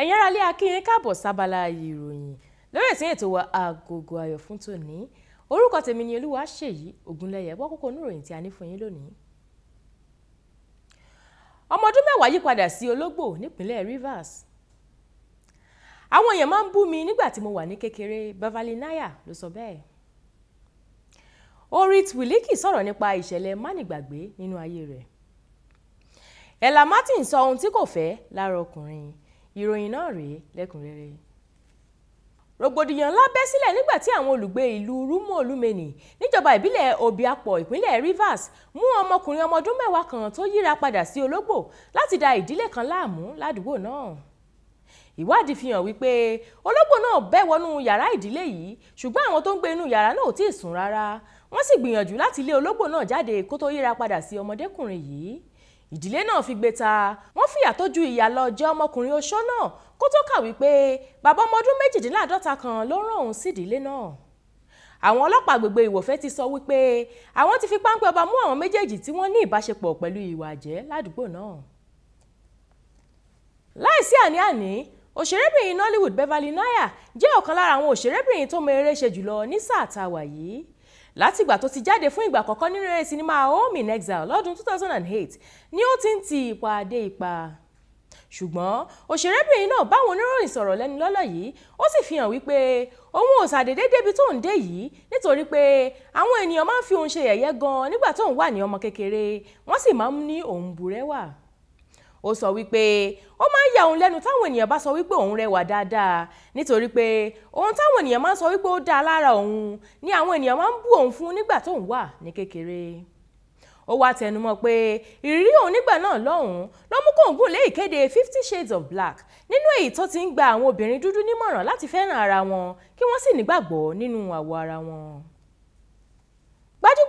ẹ̀yin aráalé akínyìn káàbọ̀ sábàlá ìròyìn lórí ètò ètò wa agogo ayọ̀ fún tòní orúkọ tèmi ni olúwa ṣèyí ògúnlẹ̀yẹ bọ́ kókó oníròyìn tí a ní fún yín lónìí. ọmọ ọdún mẹ́wàá yí padà sí ológbò nípínlẹ̀ Rivers àwọn èèyàn máa ń bú mi nígbà tí mo wà ní kékeré Beverly Naya ló sọ bẹ́ẹ̀ orit wiliki sọ̀rọ̀ nípa ìṣẹ̀lẹ̀ mánigbàgbé nínú ayé rẹ̀ Ella Martin sọ ohun tí kò fẹ́ lára ọkùnrin ìròyìn náà rèé lẹ́kùnrẹ́rẹ́ rògbòdìyàn ńlá bẹ́ sílẹ̀ nígbà tí àwọn olùgbé ìlú rúmọ̀ọ́lùmẹ́nì níjọba ìbílẹ̀ obiapo ìpínlẹ̀ rivers mú ọmọkùnrin ọmọ ọdún mẹ́wàá kan tó yíra padà sí ológbò láti da ìdílé kan láàmú ládùúgbò náà ìwádìí fi hàn wípé ológbò náà bẹ́ wọnú yàrá ìdílé yìí ṣùgbọ́n àwọn tó ń gbé inú yàrá náà ò tí ì sùn rárá wọ́n sì gbìyànjú láti lé ológbò náà jáde kó tó yíra padà sí ọmọdékùnrin yìí ìdílé náà fi gbé ta wọ́n fìyà tó ju ìyà lọ jẹ ọmọkùnrin oṣó náà kó tó kàwé pé bàbá ọmọ ọdún méjìdínláàdọ́ta kan ló rán òun sídìílé náà àwọn ọlọ́pàá àgbègbè ìwòfẹ́ ti sọ wípé àwọn ti fi páńpẹ́ ọba mú àwọn méjèèjì tí wọ́n ní ìbáṣepọ̀ pẹ̀lú ìwà àjẹ́ ládùúgbò náà láìsí àní-àní òṣèrébìnrin Nollywood Beverly Noya jẹ́ ọ̀kan lára àwọn òṣèrébìnrin tó mọ eré ṣe jùlọ ní sáà tá wà yìí látìgbà tó ti jáde fún ìgbà àkọ́kọ́ nínú eré sinimá home in exile lọ́dún 2008 ni ó ti ń ti ipa dé ipa ṣùgbọ́n òṣèrébìnrin náà báwọn oníròyìn sọ̀rọ̀ lẹ́nu lọ́lọ́ yìí ó sì fi hàn wípé òun ò ṣàdédé débi tó ń dé yìí nítorí pé àwọn ènìyàn máa ń fi òun ṣe yẹ̀yẹ́ gan-an nígbà tó ń wà ní ọmọ kékeré wọ́n sì máa ń ní òun bùrẹ́wà ó sọ wípé ó máa ń ya òun lẹ́nu táwọn ènìyàn bá sọ wípé òun rẹwà dáadáa nítorí pé ohun táwọn ènìyàn máa ń sọ wípé ó dáa lára òun ni àwọn ènìyàn máa ń bú òun fún nígbà tóun wà ní kékeré ó wá tẹnumọ́ pé ìrírí òun nígbà náà lọ́hùn-ún ló mú kóun gùn lé ìkéde fifty shades of black nínú èyí tó ti ń gba àwọn obìnrin dúdú nímọ̀ràn láti fẹ́ràn ara wọn kí wọ́n sì nígbàgbọ́ nínú àwọ̀ ara wọn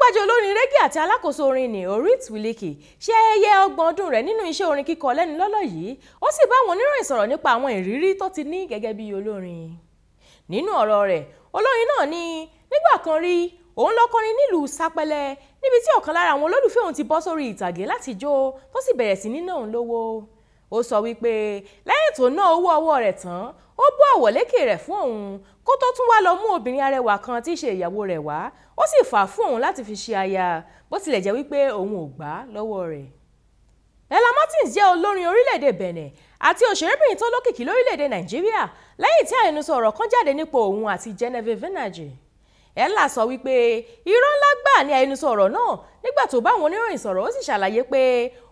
gbajúgbajà olórin régè àti alákòóso orin ni Orit Wiliki ṣe ayẹyẹ ọgbọ̀n ọdún rẹ̀ nínú iṣẹ́ orin kíkọ lẹ́nu lọ́lọ́ yìí ó sì bá àwọn oníròyìn sọ̀rọ̀ nípa àwọn ìrírí tó ti ní gẹ́gẹ́ bí olórin nínú ọ̀rọ̀ rẹ̀ olórin náà ní nígbà kan rí òun lọ kọrin nílùú Sápẹ́lẹ́ níbi tí ọ̀kan lára àwọn olólùfẹ́ òun ti bọ́ sórí ìtàgé láti jó tó sì bẹ̀rẹ̀ sí ní ná lówó ó sọ wípé lẹ́yìn tó ná owó ọwọ́ rẹ̀ tán ó bọ́ àwọ̀lékè rẹ̀ fún òun kó tó tún wá lọ mú obìnrin arẹwà kan tí í ṣe ìyàwó rẹ̀ wá ó sì fà á fún òun láti fi ṣe aya bó tilẹ̀ jẹ́ wípé òun ò gbà lọ́wọ́ rẹ̀. Bella Martins jẹ́ olórin orílẹ̀-èdè Benin àti òṣèrébìnrin tó lókìkí lórílẹ̀-èdè Nàìjíríà lẹ́yìn tí àyẹnusọ ọ̀rọ̀ kan jáde nípa òun àti Genevieve Nnaji. Ella sọ wípé irọ́ ńlá gbà ní àhesọ ọ̀rọ̀ náà nígbà tó bá àwọn oníròyìn sọ̀rọ̀ ó sì ṣàlàyé pé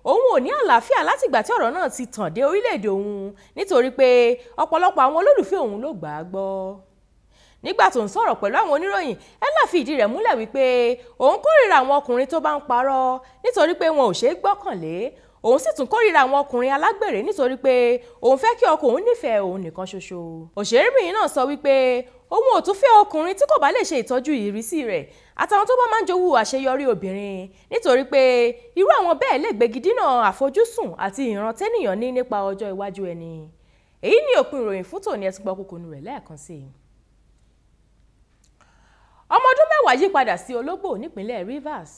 òun ò ní àlàáfíà látìgbà tí ọ̀rọ̀ náà ti tàn dé orílẹ̀-èdè òun nítorí pé ọ̀pọ̀lọpọ̀ àwọn olólùfẹ́ òun ló gbà á gbọ́ nígbà tó ń sọ̀rọ̀ pẹ̀lú àwọn oníròyìn Ella fi ìdí rẹ̀ múlẹ̀ wípé òun kórìíra àwọn ọkùnrin tó bá ń parọ́ nítorí pé wọn ò ṣeé gbọ́kànlé òun sì tún kórìíra àwọn ọkùnrin alágbèrè nítorí pé òun fẹ́ kí ọkọ òun nífẹ̀ẹ́ òun nìkan ṣoṣo òṣèrébìnrin náà sọ wípé òun ò tún fẹ́ ọkùnrin tí kò bá lè ṣe ìtọ́jú ìrísí rẹ̀ àtàwọn tó bá máa ń jowú àṣeyọrí obìnrin nítorí pé irú àwọn bẹ́ẹ̀ lè gbégi dínà àfojúsùn àti ìran tẹ́nìyàn ní nípa ọjọ́ iwájú ẹni èyí ni òpin ìròyìn fún tòní ẹtùpọ̀ kòkòrò rẹ̀ lẹ́ẹ̀kan sí i ọmọ ọdún mẹ́wàá yípadà sí ológbò nípínlẹ̀ Rivers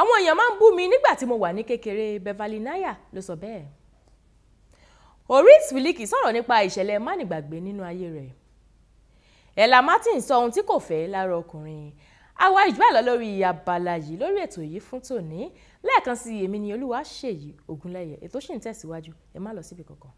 àwọn èèyàn máa ń bú mi nígbà tí mo wà ní kékeré Beverly Naya ló sọ bẹ́ẹ̀ Oris Wiliki sọ̀rọ̀ nípa ìṣẹ̀lẹ̀ mánigbàgbé nínú ayé rẹ̀ Ella Martin sọ ohun tí kò fẹ́ lára ọkùnrin àwa ìjọ àlọ́ lórí abala yìí lórí ètò yìí fún tòní lẹ́ẹ̀kan sí èmi ni olúwa ṣèyí ogunlẹ́yẹ ètò sì ń tẹ̀síwájú ẹ má lọ síbi kankan.